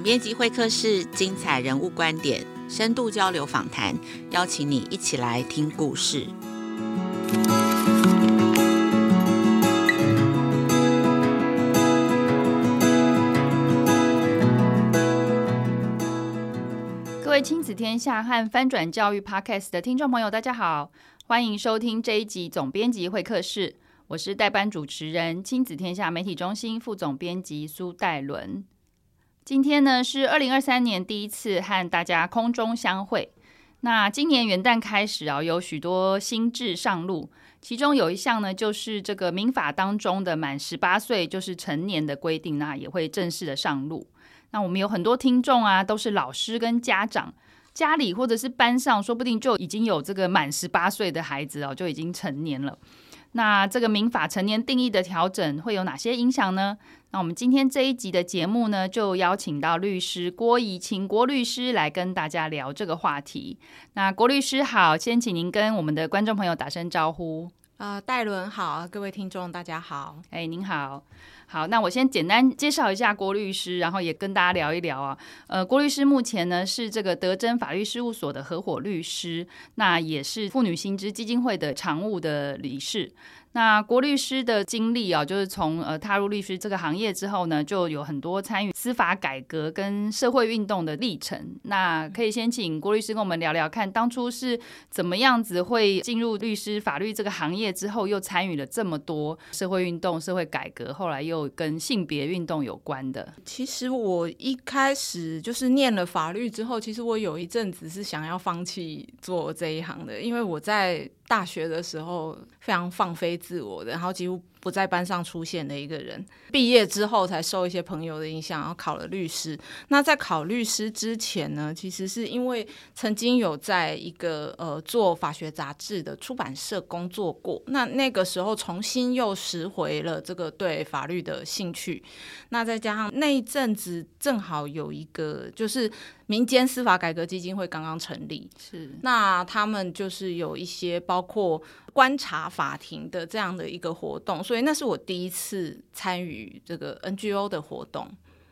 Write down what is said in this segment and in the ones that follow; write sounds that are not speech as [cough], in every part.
總編輯會客室，精彩人物觀點，深度交流訪談，邀請你一起來聽故事。各位親子天下和翻轉教育 Podcast 的聽眾朋友，大家好，歡迎收聽這一集總編輯會客室，我是代班主持人親子天下媒體中心副總編輯蘇岱崙。今天呢是二零二三年第一次和大家空中相會。那今年元旦開始啊，有許多新制上路，其中有一項呢就是這個民法當中的滿十八歲就是成年的規定啊，那也會正式的上路。那我們有很多聽眾啊，都是老師跟家長，家裡或者是班上，說不定就已經有這個滿十八歲的孩子哦啊，就已經成年了。那這個民法成年定義的調整會有哪些影響呢？那我們今天這一集的節目呢，就邀請到律師郭怡青郭律師來跟大家聊這個話題。那郭律師好，先請您跟我們的觀眾朋友打聲招呼。啊、呃，岱崙好，各位聽眾大家好。哎、欸，您好。好，那我先簡單介紹一下郭律師，然後也跟大家聊一聊啊。呃，郭律師目前呢是這個德臻法律事務所的合夥律師，那也是婦女新知基金會的常務的理事。那郭律師的經歷啊，就是從呃踏入律師這個行業之後呢，就有很多參與司法改革跟社會運動的歷程。那可以先請郭律師跟我們聊聊看，當初是怎麼樣子會進入律師法律這個行業之後，又參與了這麼多社會運動、社會改革，後來又跟性別運動有關的。其實我一開始就是念了法律之後，其實我有一陣子是想要放棄做這一行的，因為我在大學的時候非常放飛自我的，然後幾乎不在班上出現的一個人。畢業之後才受一些朋友的影響，然後考了律師。那在考律師之前呢，其實是因為曾經有在一個呃做法學雜誌的出版社工作過，那那個時候重新又拾回了這個對法律的興趣。那再加上那一陣子正好有一個就是。民間司法改革基金會剛剛成立，是那他們就是有一些包括觀察法庭的這樣的一個活動，所以那是我第一次參與這個 NGO 的活動。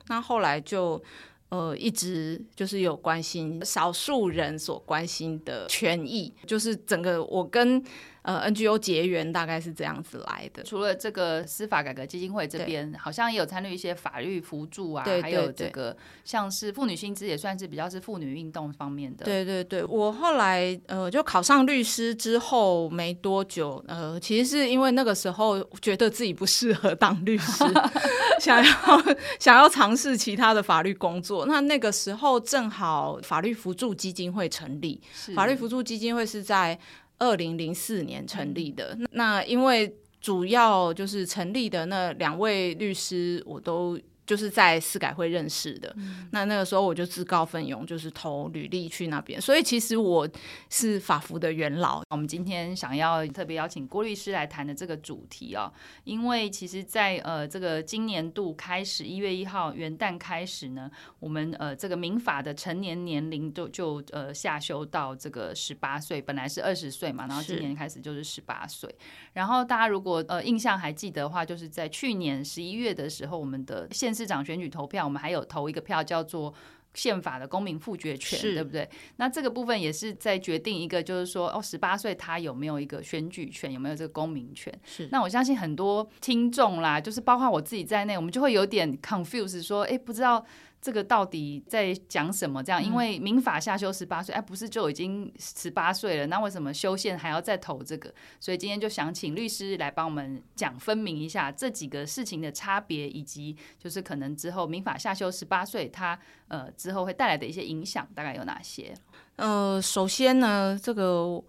那後來就呃一直就是有關心少數人所關心的權益，就是整個我跟。呃，NGO 結緣大概是這樣子來的。除了這個司法改革基金會這邊，好像也有參與一些法律扶助啊，對對對，還有這個像是婦女新知，也算是比較是婦女運動方面的。對對對，我後來呃，就考上律師之後沒多久，呃，其實是因為那個時候覺得自己不適合當律師， [laughs] 想要想要嘗試其他的法律工作。那那個時候正好法律扶助基金會成立，法律扶助基金會是在。二零零四年成立的，嗯。那，那因為主要就是成立的那兩位律師，我都，就是在司改會認識的，嗯、那那個時候我就自告奮勇，就是投履歷去那邊。所以其實我是法服的元老。我們今天想要特別邀請郭律師來談的這個主題啊、哦，因為其實在，在呃這個今年度開始，一月一號元旦開始呢，我們呃這個民法的成年年齡就就呃下修到這個十八歲，本來是二十歲嘛，然後今年開始就是十八歲。然後大家如果呃印象還記得的話，就是在去年十一月的時候，我們的現市長選舉投票，我們還有投一個票叫做憲法的公民複決權，對不對？那這個部分也是在決定一個，就是說哦，十八歲他有沒有一個選舉權，有沒有這個公民權？是。那我相信很多聽眾啦，就是包括我自己在內，我們就會有點 confuse 說，誒、欸，不知道。這個到底在講什麼？這樣，因為民法下修十八歲，哎，不是就已經十八歲了？那為什麼修憲還要再投這個？所以今天就想請律師來幫我們講分明一下這幾個事情的差別，以及就是可能之後民法下修十八歲，它呃之後會帶來的一些影響，大概有哪些？呃，首先呢，這個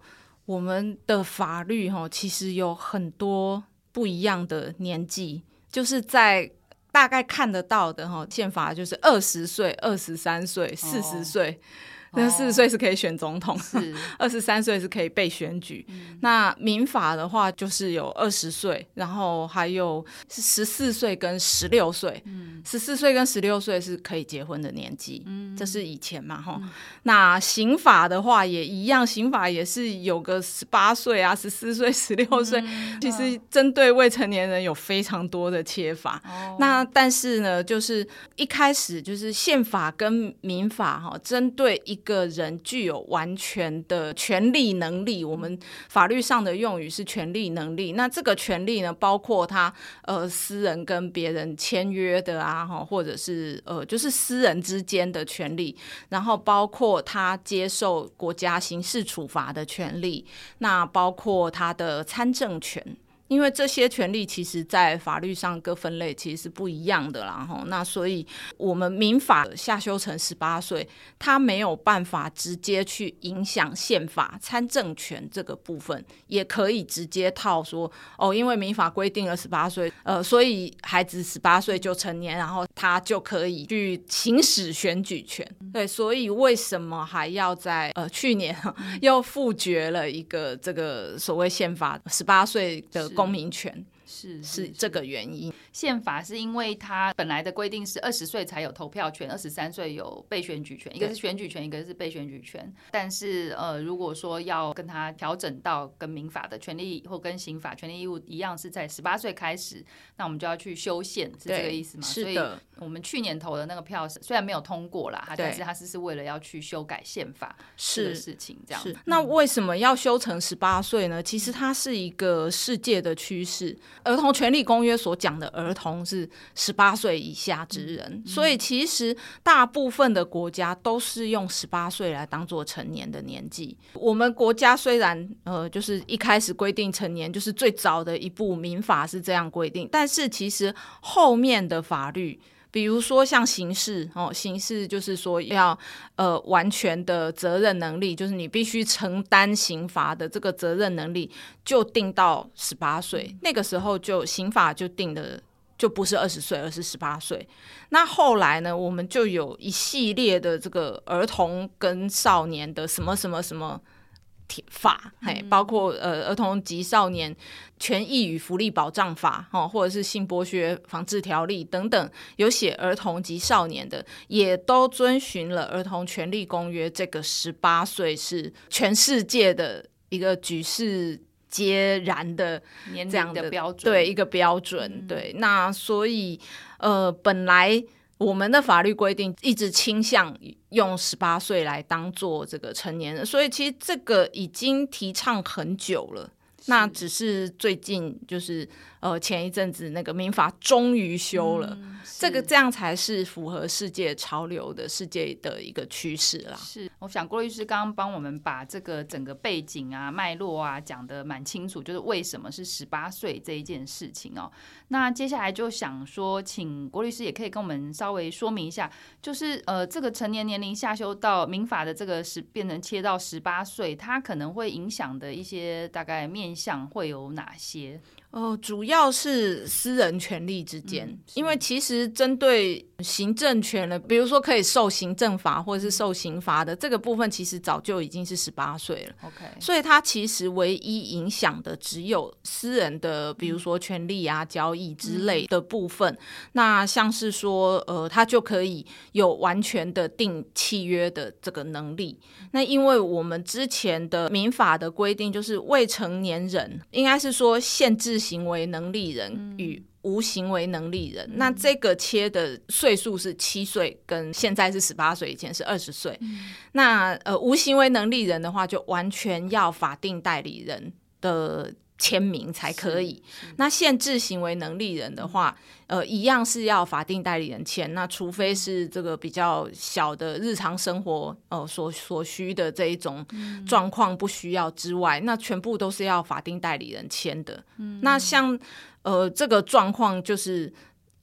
我們的法律哈、哦，其實有很多不一樣的年紀，就是在。大概看得到的哈，憲法就是二十歲、二十三歲、四十歲。Oh. 那四十歲是可以選總統，二十三歲是可以被選舉。嗯、那民法的話，就是有二十歲，然後還有十四歲跟十六歲。十四歲跟十六歲是可以結婚的年紀、嗯。這是以前嘛，哈、嗯。那刑法的話也一樣，刑法也是有個十八歲啊，十四歲、十六歲。其實針對未成年人有非常多的切法。哦、那但是呢，就是一開始就是憲法跟民法哈，針對一一個人具有完全的權利能力，我們法律上的用語是權利能力。那這個權利呢，包括他呃私人跟別人簽約的啊，或者是呃就是私人之間的權利，然後包括他接受國家刑事處罰的權利，那包括他的參政權。因為這些權利其實在法律上各分類其實是不一樣的啦，吼，那所以我們民法下修成十八歲，他沒有辦法直接去影響憲法參政權這個部分，也可以直接套說哦，因為民法規定了十八歲，呃，所以孩子十八歲就成年，然後他就可以去行使選舉權。對，所以為什麼還要在呃去年又複決了一個這個所謂憲法十八歲的？公民權。是是，是，是這個原因，憲法是因為它本來的規定是二十歲才有投票權，二十三歲有被選舉權，一個是選舉權，一個是選舉權，一個是被選舉權。但是呃，如果說要跟他調整到跟民法的權利或跟刑法權利義務一樣，是在十八歲開始，那我們就要去修憲，是這個意思嗎？是的。所以我們去年投的那個票雖然沒有通過啦，但是他是是為了要去修改憲法的事情，這樣。是。那為什麼要修成十八歲呢？其實它是一個世界的趨勢。兒童權利公約所講的兒童是十八歲以下之人，嗯，所以其實大部分的國家都是用十八歲來當做成年的年紀。我們國家雖然呃，就是一開始規定成年，就是最早的一部民法是這樣規定，但是其實後面的法律。比如說像刑事哦，刑事就是說要呃完全的責任能力，就是你必須承擔刑罰的這個責任能力，就定到十八歲，那個時候就刑法就定的就不是二十歲，而是十八歲。那後來呢，我們就有一系列的這個兒童跟少年的什麼什麼什麼。法，嘿，嗯、包括呃兒童及少年權益與福利保障法哦，或者是性剝削防治條例等等有寫兒童及少年的，也都遵循了《兒童權利公約》這個十八歲是全世界的一個舉世皆然的這樣的，年齡的標準，對一個標準，嗯、對那所以呃本來。我們的法律規定一直傾向用十八歲來當做這個成年人，所以其實這個已經提倡很久了。那只是最近就是。呃，前一陣子那個民法終於修了，嗯，這個這樣才是符合世界潮流的世界的一個趨勢啦。是，我想郭律師剛剛幫我們把這個整個背景啊、脈絡啊講得蠻清楚，就是為什麼是十八歲這一件事情哦。那接下來就想說，請郭律師也可以跟我們稍微說明一下，就是呃，這個成年年齡下修到民法的這個是變成切到十八歲，它可能會影響的一些大概面向會有哪些？哦，主要是私人權利之間，嗯，因為其實針對行政權了，比如說可以受行政罰，或者是受刑罰的這個部分，其實早就已經是十八歲了。OK，所以它其實唯一影響的只有私人的，比如說權利啊、嗯、交易之類的部分。那像是說，呃，它就可以有完全的訂契約的這個能力。那因為我們之前的民法的規定，就是未成年人應該是說限制行為能力人與。嗯無行為能力人，那這個切的歲數是七歲，跟現在是十八歲以前是二十歲。那呃，無行為能力人的話，就完全要法定代理人的。簽名才可以。那限制行為能力人的話，呃，一樣是要法定代理人簽。那除非是這個比較小的日常生活哦，呃，所所需的這一種狀況不需要之外，嗯，那全部都是要法定代理人簽的。嗯。那像呃這個狀況就是。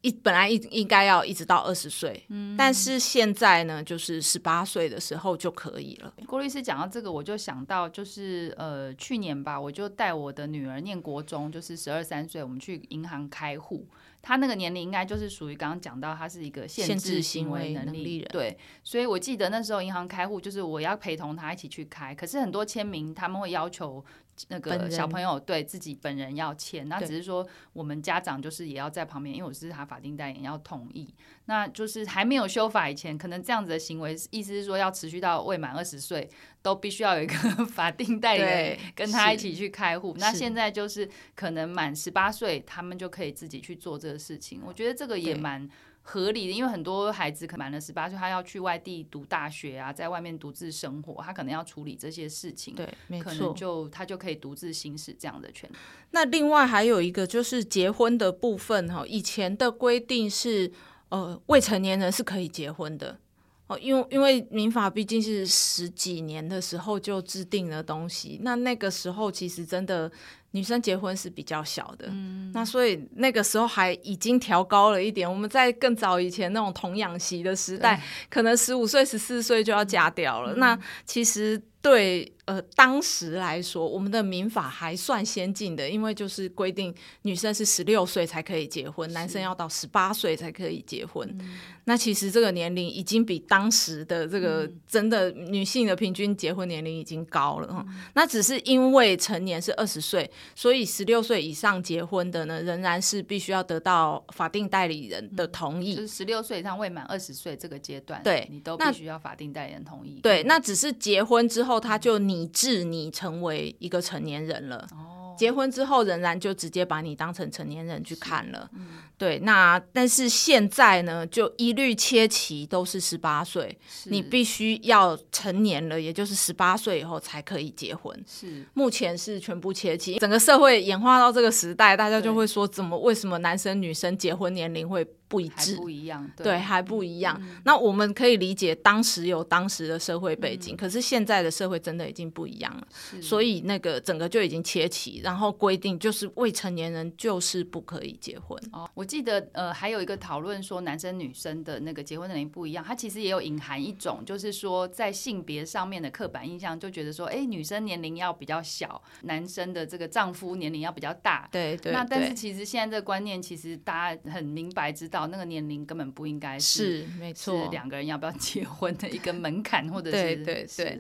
一本來一應該要一直到二十歲，嗯，但是現在呢，就是十八歲的時候就可以了。郭律師講到這個，我就想到就是呃，去年吧，我就帶我的女兒念國中，就是十二三歲，我們去銀行開戶，她那個年齡應該就是屬於剛剛講到她是一個限制，限制行為能力人，對，所以我記得那時候銀行開戶就是我要陪同她一起去開，可是很多簽名他們會要求。那個小朋友對自己本人要簽，那只是說我們家長就是也要在旁邊，因為我是他法定代理人要同意。那就是還沒有修法以前，可能這樣子的行為，意思是說要持續到未滿二十歲，都必須要有一個法定代理人跟他一起去開戶。那現在就是可能滿十八歲，他們就可以自己去做這個事情。我覺得這個也蠻。合理的，因為很多孩子可能滿了十八歲，他要去外地讀大學啊，在外面獨自生活，他可能要處理這些事情，對，沒錯，可能就他就可以獨自行使這樣的權利。那另外還有一個就是結婚的部分哈，以前的規定是呃，未成年人是可以結婚的哦，因為因為民法畢竟是十幾年的時候就制定了東西，那那個時候其實真的。女生結婚是比較小的，嗯，那所以那個時候還已經調高了一點。我們在更早以前那種童養媳的時代，可能十五歲、十四歲就要嫁掉了。嗯，那其實。對，呃，當時來說，我們的民法還算先進的，因為就是規定女生是十六歲才可以結婚，男生要到十八歲才可以結婚。嗯。那其實這個年齡已經比當時的這個真的女性的平均結婚年齡已經高了。嗯嗯。那只是因為成年是二十歲，所以十六歲以上結婚的呢，仍然是必須要得到法定代理人的同意。嗯。就是十六歲以上未滿二十歲這個階段，對，你都必須要法定代理人同意。對，那只是結婚之後。嗯。他就擬制你成為一個成年人了。哦，結婚之後仍然就直接把你當成成年人去看了。嗯。對，那但是現在呢，就一律切齊，都是十八歲，你必須要成年了，也就是十八歲以後才可以結婚。是，目前是全部切齊。整個社會演化到這個時代，大家就會說，怎麼為什麼男生女生結婚年齡會不一致？還不一樣，對，對，還不一樣。嗯，那我們可以理解，當時有當時的社會背景，嗯，可是現在的社會真的已經不一樣了，所以那個整個就已經切齊，然後規定就是未成年人就是不可以結婚。哦，我記得呃，還有一個討論說，男生女生的那個結婚年齡不一樣，它其實也有隱含一種，就是說在性別上面的刻板印象，就覺得說，哎、欸，女生年齡要比較小，男生的這個丈夫年齡要比較大。對對，對。那但是其實現在這個觀念，其實大家很明白知道，那個年齡根本不應該是，是，沒錯，兩個人要不要結婚的一個門檻，或者是對對對。對對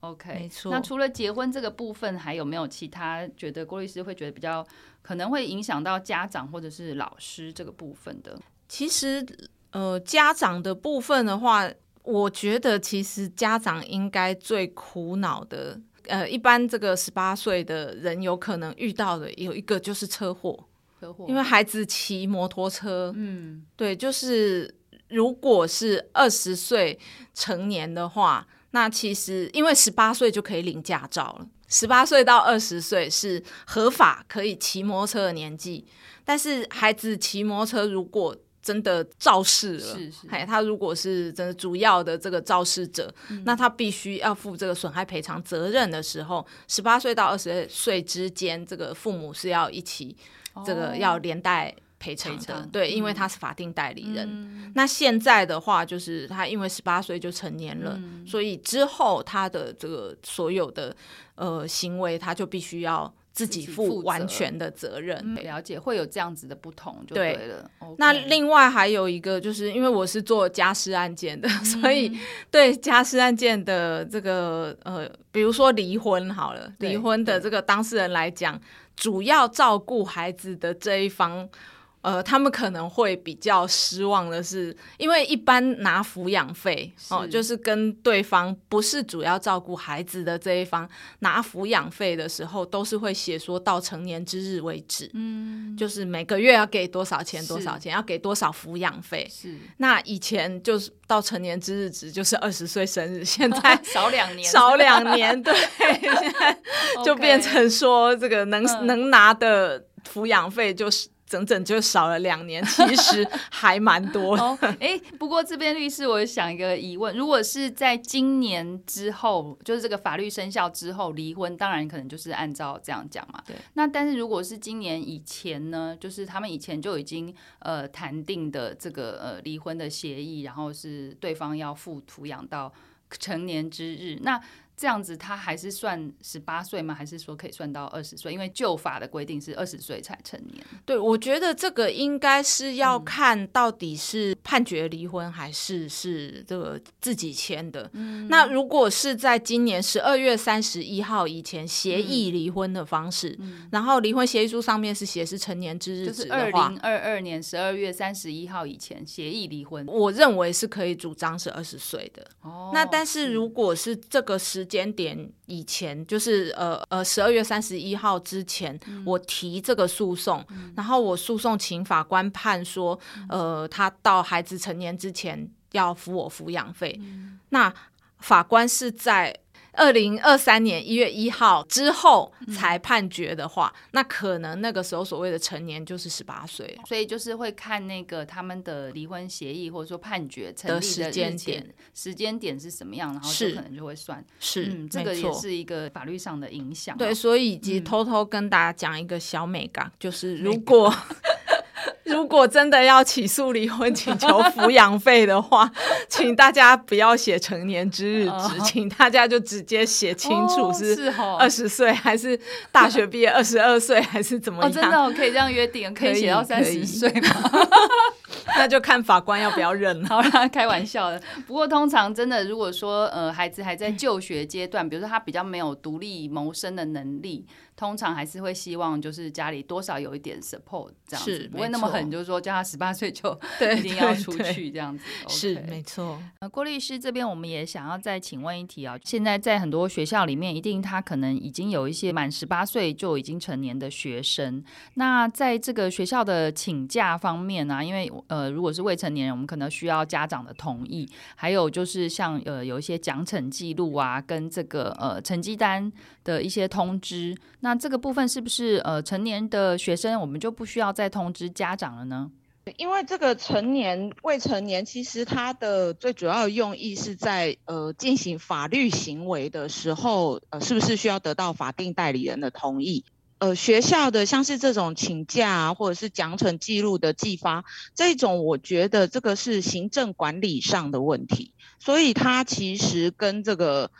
OK，沒錯。那除了結婚這個部分，還有沒有其他覺得郭律師會覺得比較可能會影響到家長或者是老師這個部分的？其實，呃，家長的部分的話，我覺得其實家長應該最苦惱的，呃，一般這個十八歲的人有可能遇到的有一個就是車禍，車禍，因為孩子騎摩托車，嗯，對，就是如果是二十歲成年的話。那其實，因為十八歲就可以領駕照了，十八歲到二十歲是合法可以騎摩托車的年紀。但是，孩子騎摩托車如果真的肇事了，哎，他如果是真的主要的這個肇事者，那他必須要負這個損害賠償責任的時候，十八歲到二十歲之間，這個父母是要一起，這個要連帶。賠償的，賠償的。對、嗯，因為他是法定代理人。嗯、那現在的話，就是他因為十八歲就成年了、嗯，所以之後他的這個所有的呃行為，他就必須要自己負完全的責任。責了解，會有這樣子的不同就對，對了、okay。那另外還有一個，就是因為我是做家事案件的，嗯、所以對家事案件的這個呃，比如說離婚好了，離婚的這個當事人來講，主要照顧孩子的這一方。呃，他們可能會比較失望的是，因為一般拿撫養費哦，就是跟對方不是主要照顧孩子的這一方拿撫養費的時候，都是會寫說到成年之日為止，嗯，就是每個月要給多少錢，多少錢，要給多少撫養費。是，那以前就是到成年之日止，就是二十歲生日，現在 [laughs] 少兩年， [laughs] 少兩年，對， [laughs] [laughs] okay。就變成說這個能能拿的撫養費就是。整整就少了兩年，其實還蠻多、 [laughs] 哦。哎、欸，不過這邊律師，我想一個疑問：如果是在今年之後，就是這個法律生效之後離婚，當然可能就是按照這樣講嘛。對。那但是如果是今年以前呢，就是他們以前就已經呃談定的這個呃離婚的協議，然後是對方要付扶養到成年之日，那。這樣子他還是算十八歲嗎？還是說可以算到二十歲？因為舊法的規定是二十歲才成年。對，我覺得這個應該是要看到底是判決離婚，還是是這個自己簽的，嗯。那如果是在今年十二月三十一號以前協議離婚的方式，嗯嗯，然後離婚協議書上面是寫是成年之日，就是二零二二年十二月三十一號以前協議離婚，我認為是可以主張是二十歲的，哦。那但是如果是這個時，間點以前，就是呃呃十二月三十一號之前，嗯，我提這個訴訟，然後我訴訟請法官判說，嗯，呃，他到孩子成年之前要付我撫養費，嗯。那法官是在，二零二三年一月一號之後才判決的話，嗯、那可能那個時候所謂的成年就是十八歲，所以就是會看那個他們的離婚協議或者說判決成立的，的時間點，時間點是什麼樣，然後就可能就會算。是，嗯是嗯、這個也是一個法律上的影響、啊。對，所以其實偷偷跟大家講一個小眉角就是如果。 [laughs] 如果真的要起訴離婚，請求扶養費的話， [laughs] 請大家不要寫成年之日，哦，止請大家就直接寫清楚是二十歲，還是大學畢業二十二歲，還是怎麼樣？哦，真的，哦，我可以這樣約定，可以寫到三十歲嗎？ [laughs] [laughs] 那就看法官要不要認，啊，好了，開玩笑的。 [laughs] 不過通常真的，如果說呃孩子還在就學階段，嗯，比如說他比較沒有獨立謀生的能力，通常還是會希望，就是家裡多少有一點 support 這樣子，是不會那麼狠，就是說叫他十八歲就一定要出去這樣子。對對對 OK、是沒錯。郭律師這邊，我們也想要再請問一題啊，現在在很多學校裡面，一定他可能已經有一些滿十八歲就已經成年的學生，那在這個學校的請假方面呢、啊，因為呃，如果是未成年人，我們可能需要家長的同意，還有就是像呃有一些獎懲記錄啊，跟這個呃成績單的一些通知那這個部分是不是呃，成年的學生，我們就不需要再通知家長了呢？因為這個成年未成年，其實它的最主要用意是在呃進行法律行為的時候，呃是不是需要得到法定代理人的同意？呃，學校的像是這種請假啊，或者是獎懲記錄的寄發，這種我覺得這個是行政管理上的問題，所以它其實跟這個。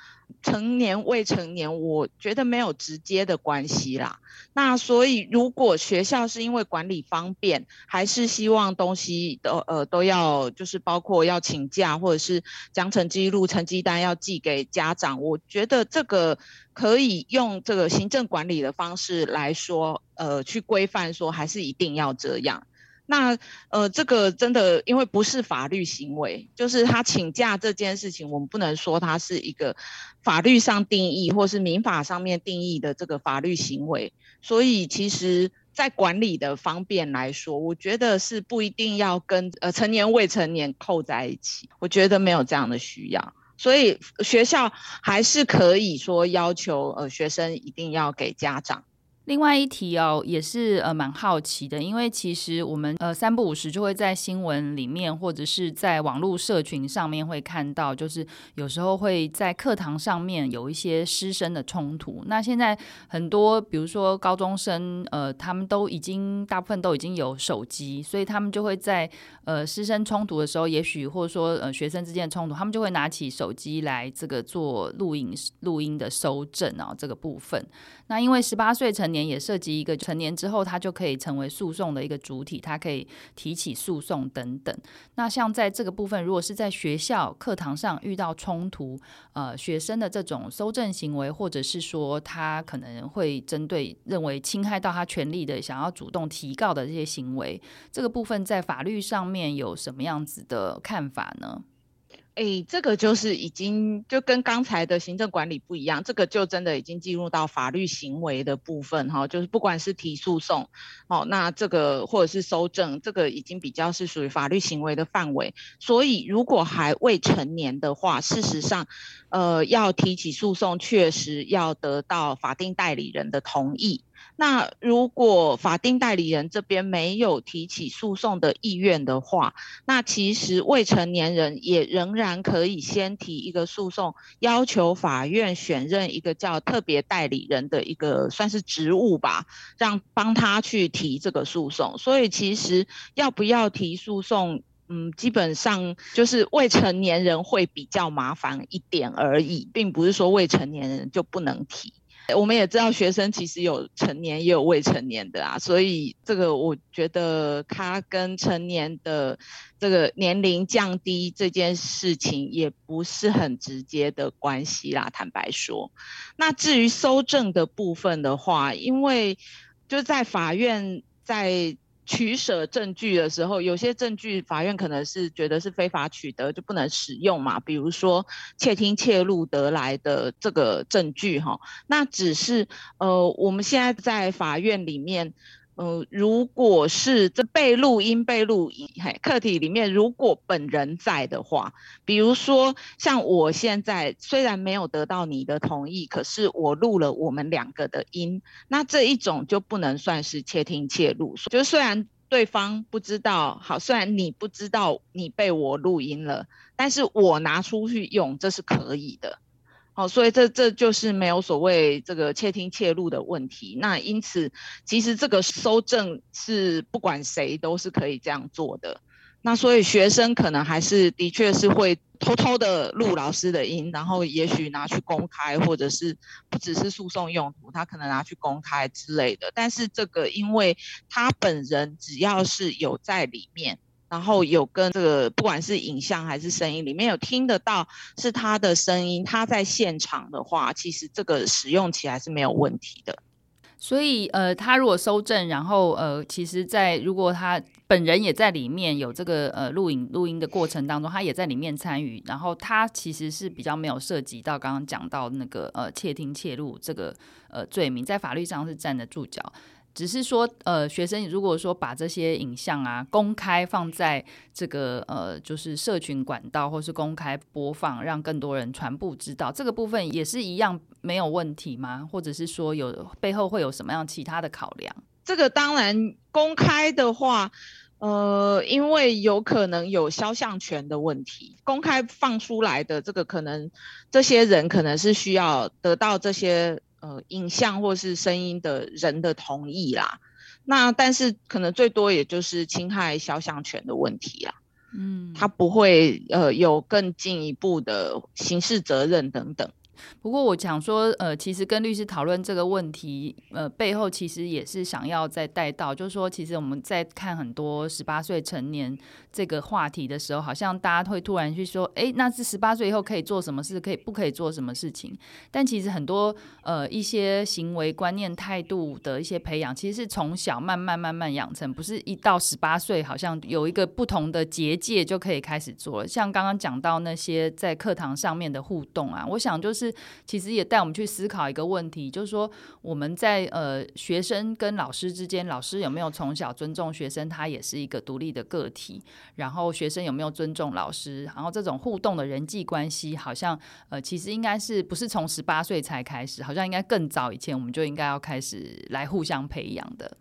成年、未成年，我覺得沒有直接的關係啦。那所以，如果學校，是因為管理方便，還是希望東西都呃都要，就是包括要請假或者是獎懲記錄成績單要寄給家長，我覺得這個可以用這個行政管理的方式來說，呃，去規範說還是一定要這樣。那呃，這個真的，因為不是法律行為，就是他請假這件事情，我們不能說它是一個法律上定義，或是民法上面定義的這個法律行為。所以其實，在管理的方便來說，我覺得是不一定要跟呃成年未成年扣在一起，我覺得沒有這樣的需要。所以學校還是可以說要求呃學生一定要給家長。另外一題哦，也是呃蠻好奇的，因為其實我們呃三不五時就會在新聞裡面，或者是在網絡社群上面會看到，就是有時候會在課堂上面有一些師生的衝突。那現在很多，比如說高中生，呃，他們都已經大部分都已經有手機，所以他們就會在呃師生衝突的時候，也許或者說呃學生之間的衝突，他們就會拿起手機來這個做錄影錄音的蒐證哦，這個部分。那因為十八歲成年，也涉及一個成年之後，他就可以成為訴訟的一個主體，他可以提起訴訟等等。那像在這個部分，如果是在學校課堂上遇到衝突，呃，學生的這種蒐證行為，或者是說他可能會針對認為侵害到他權利的，想要主動提告的這些行為，這個部分在法律上面有什麼樣子的看法呢？誒、欸，這個就是已經就跟剛才的行政管理不一樣，這個就真的已經進入到法律行為的部分哈，就是不管是提訴訟，哦，那這個或者是蒐證，這個已經比較是屬於法律行為的範圍。所以如果還未成年的話，事實上，呃，要提起訴訟，確實要得到法定代理人的同意。那如果法定代理人這邊沒有提起訴訟的意願的話，那其實未成年人也仍然可以先提一個訴訟，要求法院選任一個叫特別代理人的一個算是職務吧，讓幫他去提這個訴訟。所以其實要不要提訴訟，嗯，基本上就是未成年人會比較麻煩一點而已，並不是說未成年人就不能提。我們也知道學生其實有成年也有未成年的啊，所以這個我覺得他跟成年的這個年齡降低這件事情也不是很直接的關係啦。坦白說，那至於蒐證的部分的話，因為就在法院在。取捨證據的時候，有些證據法院可能是覺得是非法取得，就不能使用嘛。比如說竊聽竊錄得來的這個證據，哈，那只是呃，我們現在在法院裡面。呃、嗯，如果是這被錄音被錄音，嘿，課題裡面如果本人在的話，比如說像我現在雖然沒有得到你的同意，可是我錄了我們兩個的音，那這一種就不能算是竊聽竊錄，就是雖然對方不知道，好，雖然你不知道你被我錄音了，但是我拿出去用，這是可以的。哦，所以這這就是沒有所謂這個竊聽竊錄的問題。那因此，其實這個蒐證是不管誰都是可以這樣做的。那所以學生可能還是的確是會偷偷的錄老師的音，然後也許拿去公開，或者是不只是訴訟用途，他可能拿去公開之類的。但是這個，因為他本人只要是有在裡面。然後有跟這個，不管是影像還是聲音，裡面有聽得到是他的聲音，他在現場的話，其實這個使用起來是沒有問題的。所以，呃，他如果搜證，然後呃，其實在，在如果他本人也在裡面有這個呃錄影錄音的過程當中，他也在裡面參與，然後他其實是比較沒有涉及到剛剛講到那個呃竊聽竊錄這個呃罪名，在法律上是站得住腳。只是說，呃，學生如果說把這些影像啊公開放在這個呃，就是社群管道，或是公開播放，讓更多人全部知道，這個部分也是一樣沒有問題嗎？或者是說有，有背後會有什麼樣其他的考量？這個當然公開的話，呃，因為有可能有肖像權的問題，公開放出來的這個可能，這些人可能是需要得到這些。呃，影像或是聲音的人的同意啦，那但是可能最多也就是侵害肖像權的問題啦，嗯，他不會呃有更進一步的刑事責任等等。不過我想說，呃，其實跟律師討論這個問題，呃，背後其實也是想要再帶到，就是說，其實我們在看很多十八歲成年這個話題的時候，好像大家會突然去說，哎，那是十八歲以後可以做什麼事，可以不可以做什麼事情？但其實很多呃一些行為觀念態度的一些培養，其實是從小慢慢慢慢養成，不是一到十八歲好像有一個不同的結界就可以開始做了。像剛剛講到那些在課堂上面的互動啊，我想就是。其實也帶我們去思考一個問題，就是說我們在呃學生跟老師之間，老師有沒有從小尊重學生？他也是一個獨立的個體。然後學生有沒有尊重老師？然後這種互動的人際關係，好像呃其實應該是不是從十八歲才開始？好像應該更早以前我們就應該要開始來互相培養的。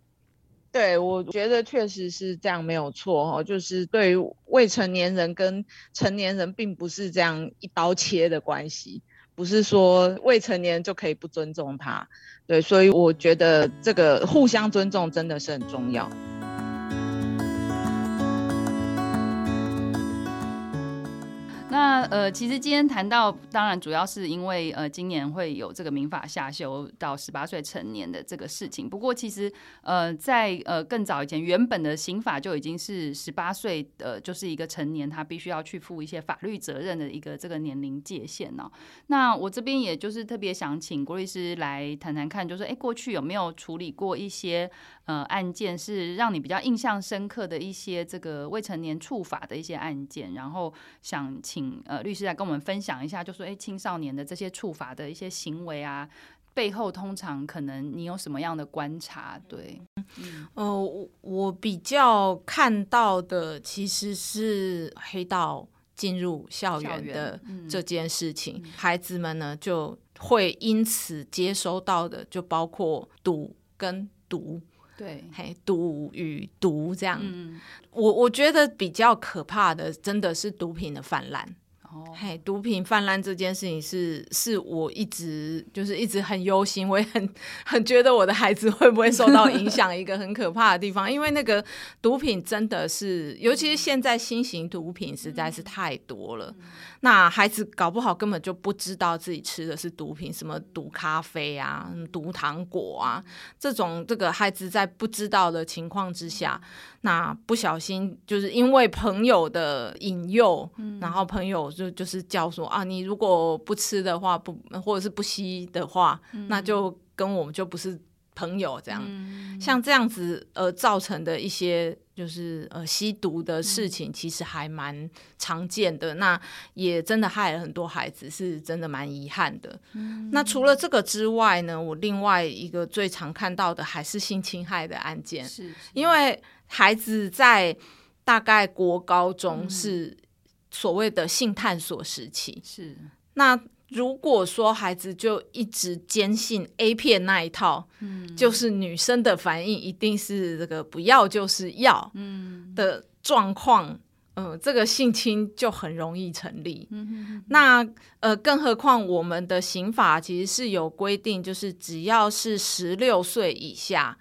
對，我覺得確實是這樣，沒有錯哈。就是對於未成年人跟成年人，並不是這樣一刀切的關係。不是說未成年就可以不尊重他，對，所以我覺得這個互相尊重真的是很重要。那呃，其實今天談到，當然主要是因為呃，今年會有這個民法下修到十八歲成年的這個事情。不過其實呃，在呃更早以前，原本的刑法就已經是十八歲的就是一個成年，他必須要去負一些法律責任的一個這個年齡界限哦、喔，那我這邊也就是特別想請郭律師來談談看，就是哎、欸，過去有沒有處理過一些？呃，案件是讓你比較印象深刻的一些這個未成年觸法的一些案件，然後想請呃律師來跟我們分享一下就是，就說哎，青少年的這些觸法的一些行為啊，背後通常可能你有什麼樣的觀察？對，嗯嗯、呃，我我比較看到的其實是黑道進入校園的這件事情，嗯、孩子們呢就會因此接收到的，就包括賭跟毒。對，嘿，毒與毒這樣，嗯、我我覺得比較可怕的，真的是毒品的泛濫。嘿，毒品泛濫這件事情是是我一直就是一直很憂心，我也很很覺得我的孩子會不會受到影響。一個很可怕的地方， [laughs] 因為那個毒品真的是，尤其是現在新型毒品實在是太多了，嗯。那孩子搞不好根本就不知道自己吃的是毒品，什麼毒咖啡啊、毒糖果啊，這種這個孩子在不知道的情況之下。嗯那不小心就是因為朋友的引誘，嗯、然後朋友就就是叫說啊，你如果不吃的話不，或者是不吸的話、嗯，那就跟我們就不是朋友這樣。嗯、像這樣子呃造成的一些就是呃吸毒的事情，其實還蠻常見的、嗯。那也真的害了很多孩子，是真的蠻遺憾的、嗯。那除了這個之外呢，我另外一個最常看到的還是性侵害的案件，是，是因為。孩子在大概國高中是所謂的性探索時期、嗯。是。那如果說孩子就一直堅信 A 片那一套、嗯，就是女生的反應一定是這個不要就是要的狀況，嗯、呃，這個性侵就很容易成立。嗯哼。那呃，更何況我們的刑法其實是有規定，就是只要是十六歲以下。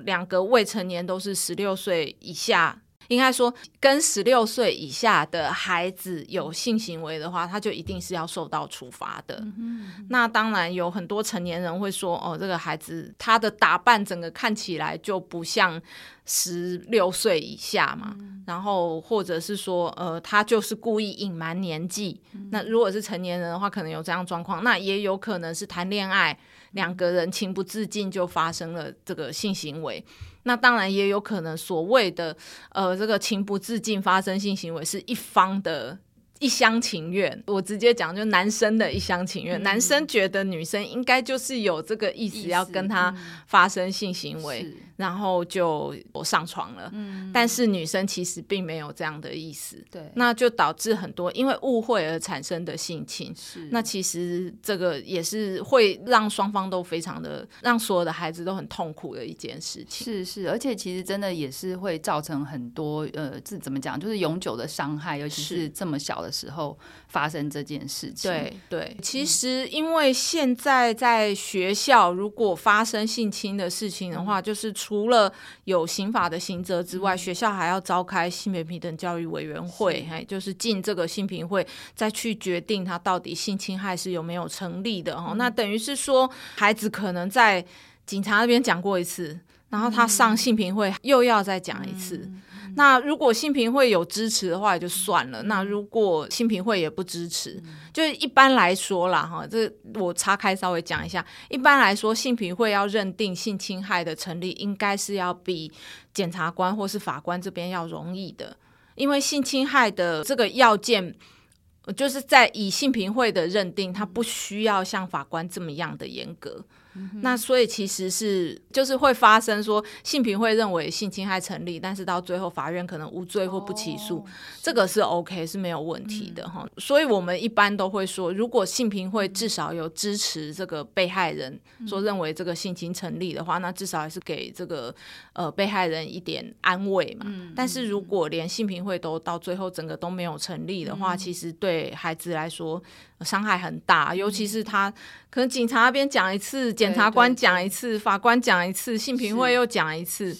兩個未成年都是十六歲以下，應該說跟十六歲以下的孩子有性行為的話，他就一定是要受到處罰的。嗯。那當然有很多成年人會說：“哦，這個孩子他的打扮整個看起來就不像十六歲以下嘛。嗯”然後或者是說：“呃，他就是故意隱瞞年紀。嗯”那如果是成年人的話，可能有這樣狀況。那也有可能是談戀愛。兩個人情不自禁就發生了這個性行為，那當然也有可能所謂的呃，這個情不自禁發生性行為是一方的。一廂情願，我直接講，就男生的一廂情願，嗯，男生覺得女生應該就是有這個意思，意思，要跟他發生性行為，嗯，然後就我上床了。嗯，但是女生其實並沒有這樣的意思，對，那就導致很多因為誤會而產生的性侵。是，那其實這個也是會讓雙方都非常的，讓所有的孩子都很痛苦的一件事情。是是，而且其實真的也是會造成很多呃，這怎麼講，就是永久的傷害，尤其是這麼小的時候發生這件事情，對對，其實因為現在在學校，如果發生性侵的事情的話、嗯，就是除了有刑法的刑責之外，嗯、學校還要召開性別平等教育委員會，是嘿、就是進這個性平會再去決定他到底性侵害是有沒有成立的哦、嗯。那等於是說，孩子可能在警察那邊講過一次，然後他上性平會又要再講一次。嗯嗯那如果性平會有支持的話也就算了，嗯、那如果性平會也不支持，嗯、就是一般來說啦哈，這我岔開稍微講一下，一般來說性平會要認定性侵害的成立，應該是要比檢察官或是法官這邊要容易的，因為性侵害的這個要件，就是在以性平會的認定，它不需要像法官這麼樣的嚴格。 [noise] 那所以其實是就是會發生說性平會認為性侵害成立，但是到最後法院可能無罪或不起訴，oh, 這個是 OK 是，是沒有問題的哈、嗯。所以我們一般都會說，如果性平會至少有支持這個被害人、嗯、說認為這個性侵成立的話，嗯、那至少還是給這個呃被害人一點安慰嘛。嗯、但是如果連性平會都到最後整個都沒有成立的話，嗯、其實對孩子來說。傷害很大，尤其是他可能警察那邊講一次，檢察官、嗯、講一次，對對對，法官講一次，性平會又講一次，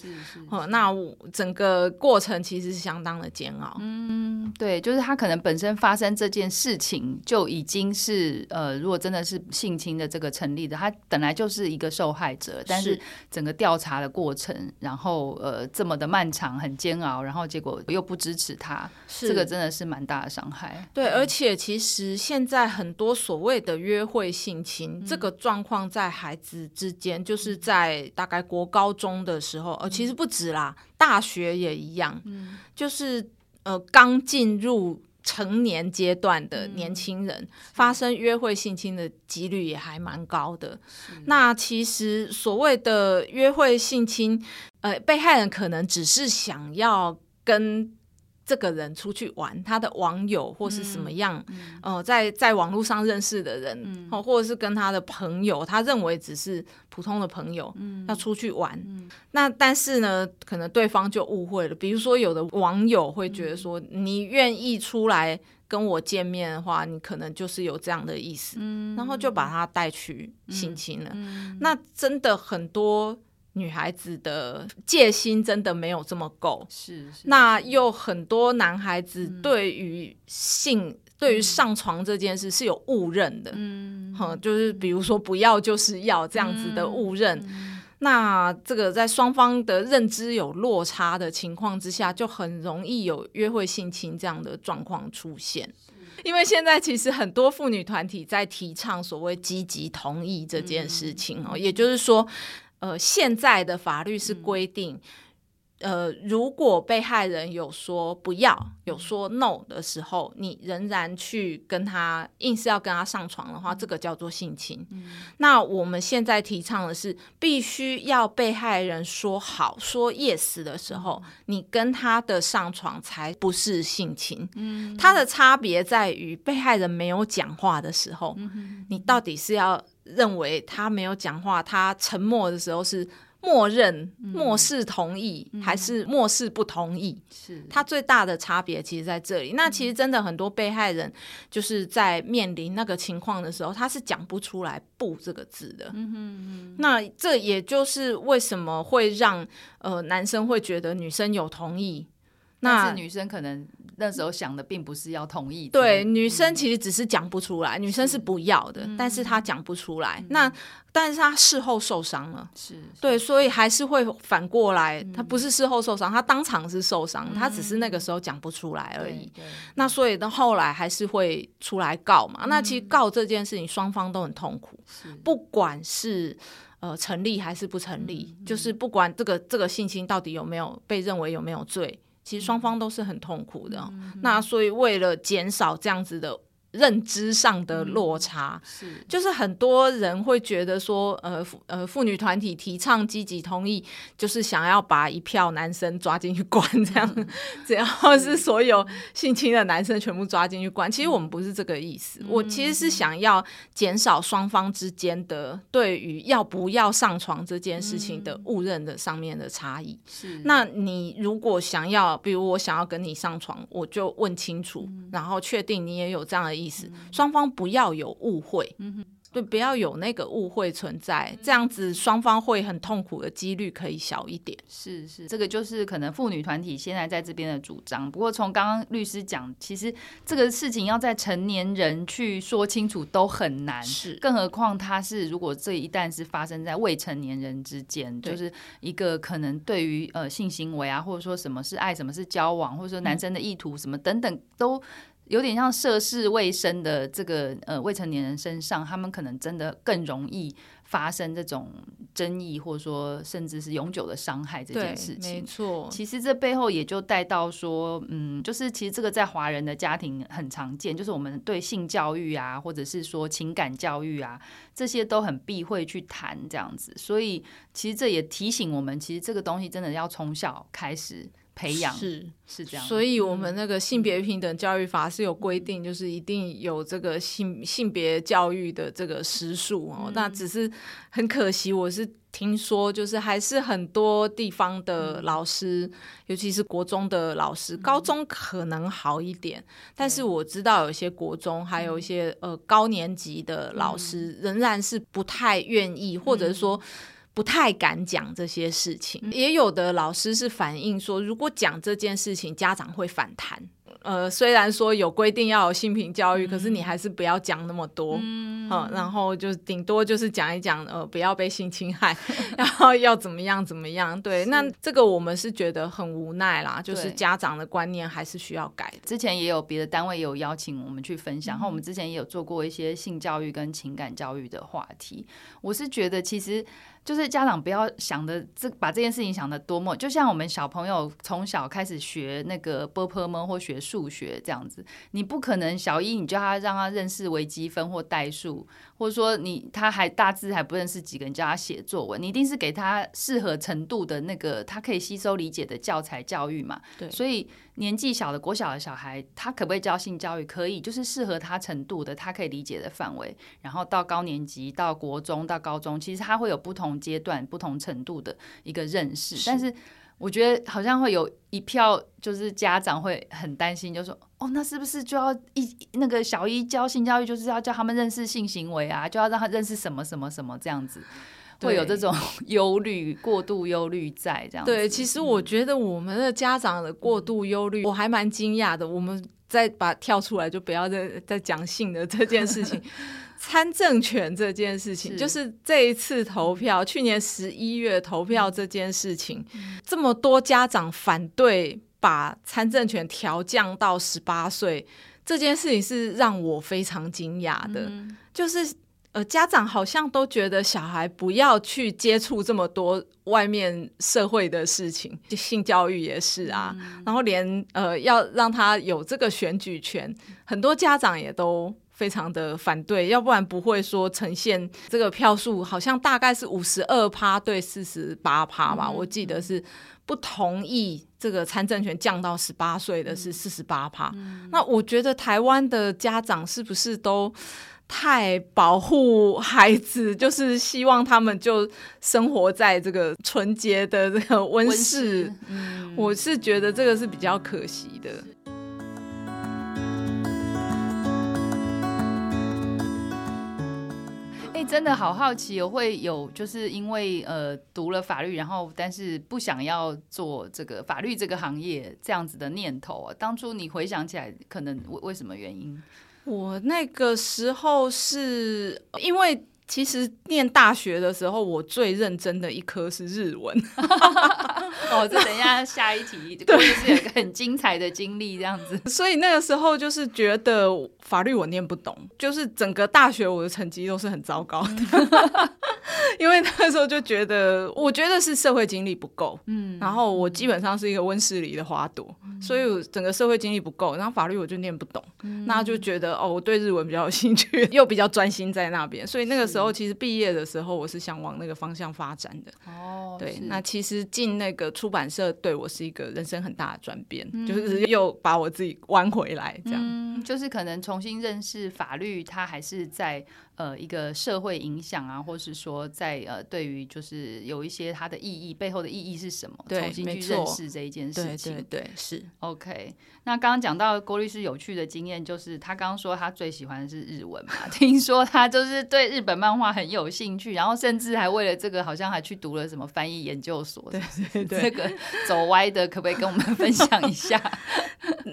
哦，那整個過程其實是相當的煎熬。嗯，對，就是他可能本身發生這件事情就已經是呃，如果真的是性侵的這個成立的，他本來就是一個受害者，但是整個調查的過程，然後呃這麼的漫長、很煎熬，然後結果又不支持他，是這個真的是蠻大的傷害。對、嗯，而且其實現在。很多所謂的約會性侵、嗯、這個狀況，在孩子之間，就是在大概國高中的時候，呃，其實不止啦，大學也一樣，嗯，就是呃，剛進入成年階段的年輕人、嗯，發生約會性侵的幾率也還蠻高的。那其實所謂的約會性侵，呃，被害人可能只是想要跟。這個人出去玩，他的網友或是什麼樣哦、嗯嗯呃，在在網絡上認識的人、嗯、或者是跟他的朋友，他認為只是普通的朋友，嗯、要出去玩、嗯嗯。那但是呢，可能對方就誤會了。比如說，有的網友會覺得說，嗯、你願意出來跟我見面的話，你可能就是有這樣的意思，嗯、然後就把他帶去性侵了、嗯嗯。那真的很多。女孩子的戒心真的沒有這麼夠，是。那又很多男孩子對於性、嗯、對於上床這件事是有誤認的，嗯，就是比如說不要就是要這樣子的誤認、嗯。那這個在雙方的認知有落差的情況之下，就很容易有約會性侵這樣的狀況出現。因為現在其實很多婦女團體在提倡所謂積極同意這件事情、嗯、哦，也就是說。呃，現在的法律是規定、嗯，呃，如果被害人有說不要、有說 no 的時候，你仍然去跟他硬是要跟他上床的話，這個叫做性侵、嗯。那我們現在提倡的是，必須要被害人說好、說 yes 的時候，你跟他的上床才不是性侵。嗯，它的差別在於被害人沒有講話的時候、嗯，你到底是要。認為他沒有講話，他沉默的時候是默認、默示同意，嗯嗯。還是默示不同意？是他最大的差別，其實在這裡。那其實真的很多被害人就是在面臨那個情況的時候，他是講不出來“不”這個字的。嗯嗯嗯。那這也就是為什麼會讓呃男生會覺得女生有同意，那女生可能。那時候想的並不是要同意的，對女生其實只是講不出來、嗯，女生是不要的，是但是她講不出來，嗯、那但是她事後受傷了，是，是對，所以還是會反過來，嗯、她不是事後受傷，她當場是受傷、嗯，她只是那個時候講不出來而已。那所以到後來還是會出來告嘛？嗯、那其實告這件事情，雙方都很痛苦，不管是呃成立還是不成立，嗯、就是不管這個這個性侵到底有沒有被認為有沒有罪。其實雙方都是很痛苦的，哦，嗯，那所以為了減少這樣子的。認知上的落差，嗯、是，就是很多人會覺得說，呃，呃，婦女團體提倡積極同意，就是想要把一票男生抓進去關，這樣，嗯、只要是所有性侵的男生全部抓進去關，嗯。其實我們不是這個意思，嗯、我其實是想要減少雙方之間的對於要不要上床這件事情的誤認的上面的差異，嗯。是，那你如果想要，比如我想要跟你上床，我就問清楚，嗯、然後確定你也有這樣的。意思，雙方不要有誤會，嗯哼，對，不要有那個誤會存在，這樣子雙方會很痛苦的幾率可以小一點。是是，這個就是可能婦女團體現在在這邊的主張。不過從剛剛律師講，其實這個事情要在成年人去說清楚都很難，是，更何況他是如果這一旦是發生在未成年人之間，就是一個可能對於呃性行為啊，或者說什麼是愛，什麼是交往，或者說男生的意圖什麼等等、嗯、都。有點像涉世未深的這個呃未成年人身上，他們可能真的更容易發生這種爭議，或者說甚至是永久的傷害這件事情。對，沒錯。其實這背後也就帶到說，嗯，就是其實這個在華人的家庭很常見，就是我們對性教育啊，或者是說情感教育啊，這些都很避諱去談這樣子。所以其實這也提醒我們，其實這個東西真的要從小開始。.培養是是這樣，所以我們那個性別平等教育法是有規定，就是一定有這個性性別教育的這個時數哦。嗯、那只是很可惜，我是聽說，就是還是很多地方的老師，嗯、尤其是國中的老師，嗯、高中可能好一點，嗯，但是我知道有些國中，還有一些呃高年級的老師，仍然是不太願意，嗯、或者是說。不太敢講這些事情、嗯，也有的老師是反映說，如果講這件事情，家長會反彈、嗯。呃，雖然說有規定要有性平教育、嗯，可是你還是不要講那麼多。嗯，嗯然後就頂多就是講一講，呃，不要被性侵害、嗯，然後要怎麼樣怎麼樣。對，那這個我們是覺得很無奈啦，就是家長的觀念還是需要改。之前也有別的單位有邀請我們去分享、嗯，然後我們之前也有做過一些性教育跟情感教育的話題。我是覺得其實。就是家長不要想的這把這件事情想得多麼，就像我們小朋友從小開始學那個 ㄅㄆㄇ 或學數學這樣子，你不可能小一你叫他讓他認識微積分或代數，或者說你他還大字還不認識幾個人，叫他寫作文，你一定是給他適合程度的那個他可以吸收理解的教材教育嘛？對。所以年紀小的國小的小孩，他可不可以教性教育？可以，就是適合他程度的，他可以理解的範圍。然後到高年級，到國中，到高中，其實他會有不同階段、不同程度的一個認識。但是。我覺得好像會有一票，就是家長會很擔心，就說：“哦，那是不是就要一那個小一教性教育，就是要教他們認識性行為啊？就要讓他認識什麼什麼什麼這樣子，對，會有這種憂慮、過度憂慮在這樣。”對，其實我覺得我們的家長的過度憂慮，嗯，我還蠻驚訝的。我們再把跳出來，就不要再再講性的這件事情。 [laughs] 參政權這件事情，就是這一次投票，去年十一月投票這件事情、嗯，這麼多家長反對把參政權調降到十八歲，這件事情是讓我非常驚訝的、嗯。就是呃，家長好像都覺得小孩不要去接觸這麼多外面社會的事情，性教育也是啊，嗯、然後連呃要讓他有這個選舉權，很多家長也都。非常的反對，要不然不會說呈現這個票數，好像大概是五十二趴對四十八趴吧、嗯。我記得是不同意這個參政權降到十八歲的是四十八趴。那我覺得台灣的家長是不是都太保護孩子，就是希望他們就生活在這個純潔的這個溫室、嗯？我是覺得這個是比較可惜的。嗯真的好好奇哦，有會有就是因為呃讀了法律，然後但是不想要做這個法律這個行業這樣子的念頭啊。當初你回想起來，可能為為什麼原因？我那個時候是因為。其實念大學的時候，我最認真的一科是日文 [laughs] 哦 [laughs] 。哦，這等一下下一題，對 [laughs] 就是有一個很精彩的經歷這樣子。所以那個時候就是覺得法律我念不懂，就是整個大學我的成績都是很糟糕的。 [laughs] [laughs] 因為那個時候就覺得，我覺得是社會經歷不夠。嗯。然後我基本上是一個溫室裡的花朵，嗯、所以我整個社會經歷不夠，然後法律我就念不懂。嗯、那就覺得哦，我對日文比較有興趣，又比較專心在那邊，所以那個時候。後其實畢業的時候，我是想往那個方向發展的。哦，對，那其實進那個出版社，對我是一個人生很大的轉變，嗯，就是又把我自己彎回來，這樣，嗯，就是可能重新認識法律，它還是在。呃，一個社會影響啊，或是說在，在呃，對於就是有一些它的意義，背後的意義是什麼？對，重新去認識這一件事情，對，對，對，是 OK。那剛剛講到郭律師有趣的經驗，就是他剛剛說他最喜歡的是日文嘛，聽說他就是對日本漫畫很有興趣，然後甚至還為了這個，好像還去讀了什麼翻譯研究所是是。對，這個走歪的，可不可以跟我們分享一下？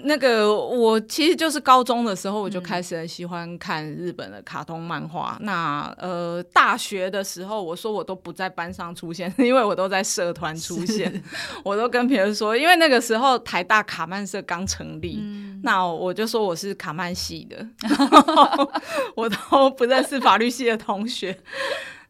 那個我其實就是高中的時候，我就開始很喜歡看日本的卡通漫畫。那呃，大學的時候，我說我都不在班上出現，因為我都在社團出現。我都跟別人說，因為那個時候台大卡曼社剛成立、嗯，那我就說我是卡曼系的，我都不認識法律系的同學。 [laughs] [laughs]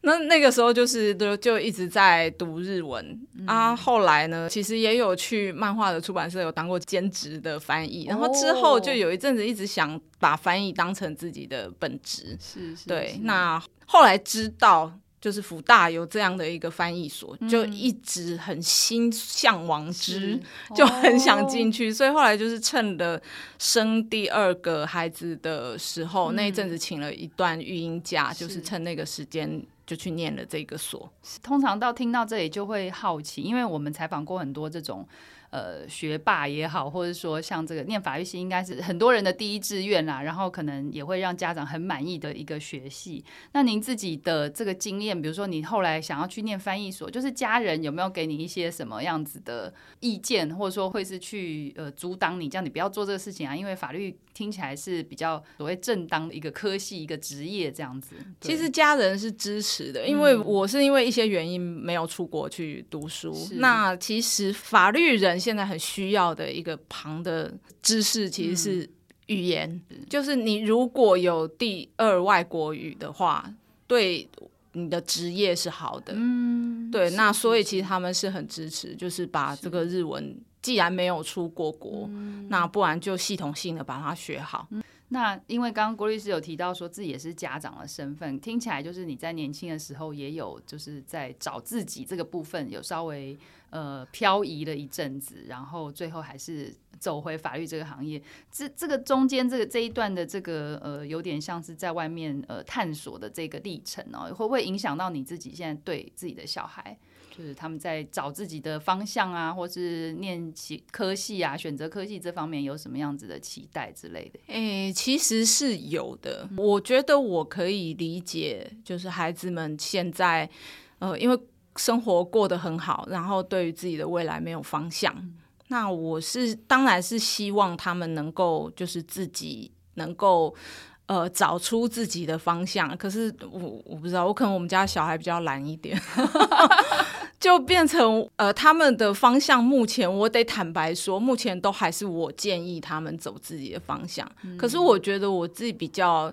那那個時候就是就一直在讀日文，嗯、啊，後來呢，其實也有去漫畫的出版社有當過兼職的翻譯，哦，然後之後就有一陣子一直想把翻譯當成自己的本職，是，是是。對，那後來知道就是福大有這樣的一個翻譯所，嗯，就一直很心向往之，就很想進去，哦，所以後來就是趁着生第二個孩子的時候，嗯、那一陣子請了一段育嬰假，嗯，就是趁那個時間。就去念了這個所。通常到聽到這裡就會好奇，因為我們採訪過很多這種。呃，學霸也好，或者說像這個念法律系，應該是很多人的第一志願啦。然後可能也會讓家長很滿意的一個學系。那您自己的這個經驗，比如說你後來想要去念翻譯所，就是家人有沒有給你一些什麼樣子的意見，或者說會是去呃阻擋你，叫你不要做這個事情啊？因為法律聽起來是比較所謂正當的一個科系、一個職業這樣子。其實家人是支持的，嗯，因為我是因為一些原因沒有出國去讀書。那其實法律人，現在很需要的一個旁的知識，其實是語言。嗯，就是你如果有第二外國語的話，對你的職業是好的。嗯，對，那所以其實他們是很支持，就是把這個日文，既然沒有出過國，那不然就系統性的把它學好。嗯。那因為剛剛郭律師有提到說，自己也是家長的身份，聽起來就是你在年輕的時候也有就是在找自己這個部分有稍微呃漂移了一陣子，然後最後還是走回法律這個行業。這這個中間這個這一段的這個呃有點像是在外面呃探索的這個歷程哦，會不會影響到你自己現在對自己的小孩？就是他們在找自己的方向啊，或是念其科系啊，選擇科系這方面有什麼樣子的期待之類的？誒、欸，其實是有的、嗯。我覺得我可以理解，就是孩子們現在，呃，因為生活過得很好，然後對於自己的未來沒有方向。嗯、那我是當然是希望他們能夠，就是自己能夠。呃，找出自己的方向。可是我我不知道，我可能我們家小孩比較懶一點， [laughs] 就變成呃，他們的方向目前我得坦白說，目前都還是我建議他們走自己的方向。嗯、可是我覺得我自己比較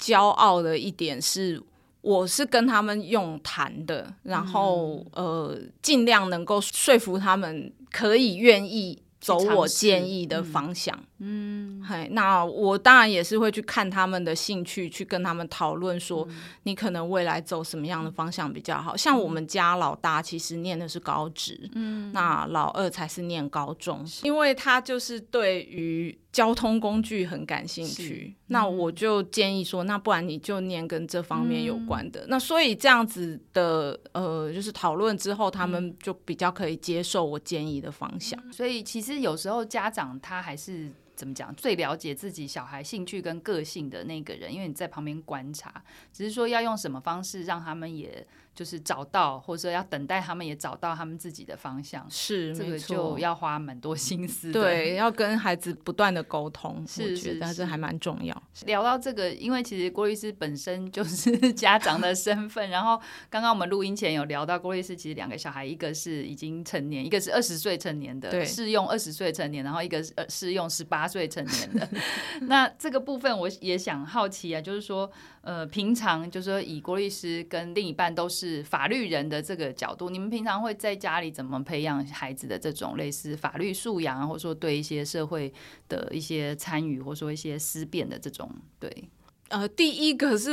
驕傲的一點是，我是跟他們用談的，然後、嗯、呃，盡量能夠說服他們可以願意走我建議的方向。嗯，嗨，那我當然也是會去看他們的興趣，去跟他們討論說，嗯，你可能未來走什麼樣的方向比較好。像我們家老大其實念的是高職，嗯，那老二才是念高中，因為他就是對於交通工具很感興趣，嗯。那我就建議說，那不然你就念跟這方面有關的。嗯，那所以這樣子的，呃，就是討論之後，他們就比較可以接受我建議的方向。嗯，所以其實有時候家長他還是。怎麼講？最了解自己小孩興趣跟個性的那個人，因為你在旁邊觀察，只是說要用什麼方式讓他們也。就是找到，或者說要等待他們也找到他們自己的方向，是，這個就要花蠻多心思。對，對，要跟孩子不斷的溝通是，我覺得是是，這還蠻重要。聊到這個，因為其實郭律師本身就是家長的身份， [laughs] 然後剛剛我們錄音前有聊到，郭律師其實兩個小孩，一個是已經成年，一個是二十歲成年的適用二十歲成年，然後一個是適、呃、用十八歲成年的。 [laughs] 那這個部分我也想好奇啊，就是說，呃，平常就是說以郭律師跟另一半都是。是法律人的這個角度，你們平常會在家裡怎麼培養孩子的這種類似法律素養，或者說對一些社會的一些參與，或者說一些思辨的這種？對，呃，第一個是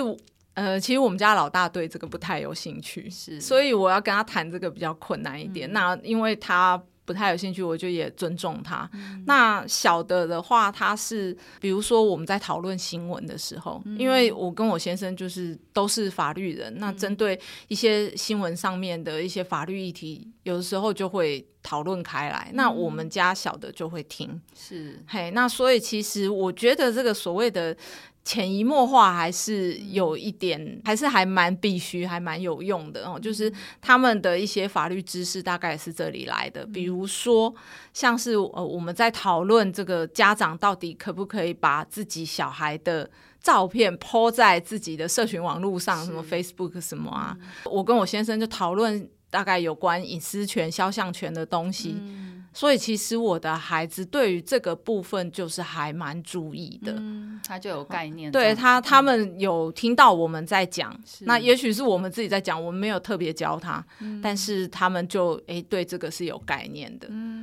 呃，其實我們家老大對這個不太有興趣，是，所以我要跟他談這個比較困難一點，嗯。那因為他。不太有興趣，我就也尊重他。嗯、那小的的話，他是比如說我們在討論新聞的時候、嗯，因為我跟我先生就是都是法律人，嗯、那針對一些新聞上面的一些法律議題，嗯、有的時候就會討論開來、嗯。那我們家小的就會聽，是嘿。Hey, 那所以其實我覺得這個所謂的。潛移默化還是有一點，還是還蠻必須，還蠻有用的哦。就是他們的一些法律知識，大概是這裡來的。比如說，像是呃，我們在討論這個家長到底可不可以把自己小孩的照片 po 在自己的社群網絡上，什麼 Facebook 什麼啊？我跟我先生就討論。大概有關隱私權、肖像權的東西，嗯，所以其實我的孩子對於這個部分就是還蠻注意的，嗯，他就有概念。對他，他們有聽到我們在講，那也許是我們自己在講，我們沒有特別教他，嗯，但是他們就誒，欸，對這個是有概念的。嗯。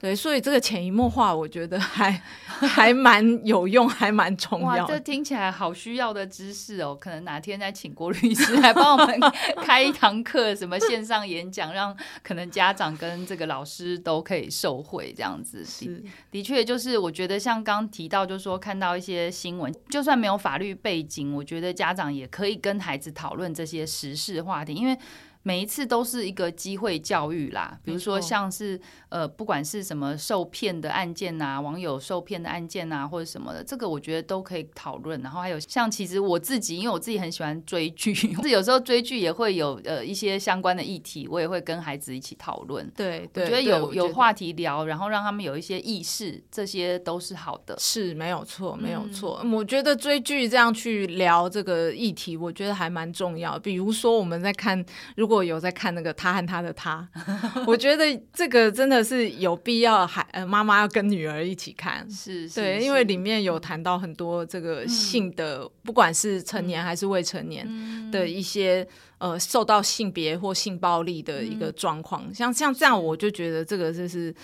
對，所以這個潛移默化，我覺得還還蠻有用， [laughs] 還蠻重要的。哇，這聽起來好需要的知識哦！可能哪天再請郭律師來幫我們 [laughs] 開一堂課，什麼線上演講， [laughs] 讓可能家長跟這個老師都可以受惠，這樣子。是， [laughs] 的確，就是我覺得像剛提到，就是說看到一些新聞，就算沒有法律背景，我覺得家長也可以跟孩子討論這些時事話題，因為。每一次都是一個機會教育啦，比如說像是、哦、呃，不管是什麼受騙的案件吶、啊，網友受騙的案件吶、啊，或者什麼的，這個我覺得都可以討論。然後還有像其實我自己，因為我自己很喜歡追劇，嗯、或者有時候追劇也會有呃一些相關的議題，我也會跟孩子一起討論。對，對我覺得有有、有話題聊，然後讓他們有一些意識，這些都是好的，是沒有錯，沒有錯、嗯嗯。我覺得追劇這樣去聊這個議題，我覺得還蠻重要。比如說我們在看如如果有在看那個他和他的他， [laughs] 我覺得這個真的是有必要，還呃媽媽要跟女兒一起看，是，是，是對，因為裡面有談到很多這個性的，嗯、不管是成年還是未成年的一些、嗯、呃受到性別或性暴力的一個狀況，嗯、像像這樣，我就覺得這個就是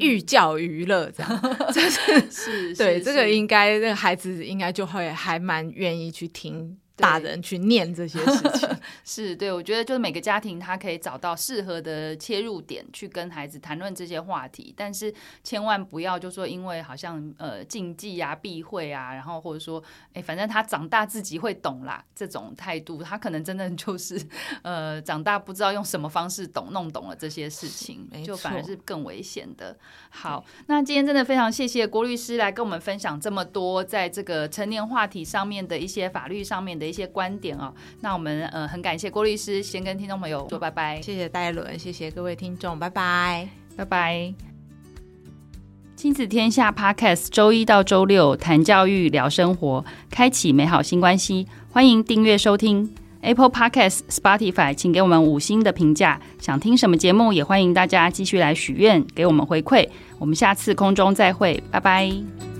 寓教於樂，這樣，這、嗯、 [laughs] 是是，是，對，這個應該那、這個孩子應該就會還蠻願意去聽。大人去念這些事情， [laughs] 是，對，我覺得就是每個家庭他可以找到適合的切入點，去跟孩子談論這些話題，但是千萬不要就說因為好像呃禁忌啊避諱啊，然後或者說哎反正他長大自己會懂啦這種態度，他可能真的就是呃長大不知道用什麼方式懂弄懂了這些事情，沒錯，就反而是更危險的。好，那今天真的非常謝謝郭律師來跟我們分享這麼多在這個成年話題上面的一些法律上面的。的一些觀點哦、喔，那我們呃很感謝郭律師，先跟聽眾朋友說拜拜。謝謝岱崙，謝謝各位聽眾，拜拜拜拜。親子天下 Podcast 週一到週六談教育聊生活，開啟美好新關係，歡迎訂閱收聽 Apple Podcasts Spotify，請給我們五星的評價。想聽什麼節目，也歡迎大家繼續來許願給我們回饋。我們下次空中再會，拜拜。